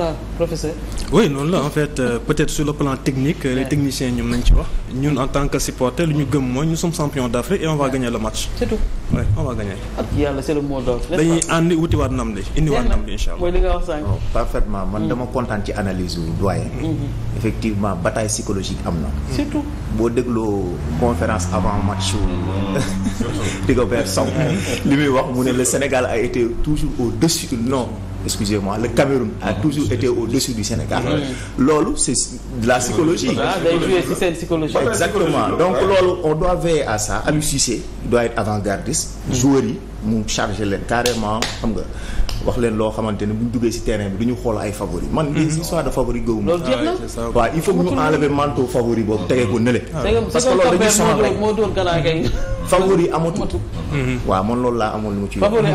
pas noonu la en fait euh, peut-être sur le plan technique. Euh, les techniciens ñoom nañ ci wax. ñun en tant que supporter lu ñu gëm mooy nous sommes champions d'Afrique et on va gagner match. yàlla c'est le mot d'ordre. dañuy ànd wutiwaat ndam li indiwaat ndam li incha allah. mooy li nga wax sànq. Oh, parfaitement man mm. dama kontaan ci analyse yu doyen. Mm-hmm. effectivement bataille psychologique am na. surtout boo dégloo conférence avant match. Mm-hmm. di ko li muy wax mu ne le Sénégal a été toujours au-dessus non. excusez-moi le Cameroun a ah, toujours été au-dessus du Sénégal. Ah, loolu c'est de la psychologie. Ah, exactement donc loolu on doit veiller à ça Aliou Cissé doit être avant-gardiste. Mm. joueurs yi mu chargé leen carrément xam nga wax leen loo xamante ni bu ñu duggee si terrain bi du ñu xool ay favori man mm-hmm. les histoires de favori gëwum waaw il faut que ñu enlever manteau favori boobu tegee ko nële parce que loolu dañu sonal favori amatu waaw man loolu laa amoon lu mu ci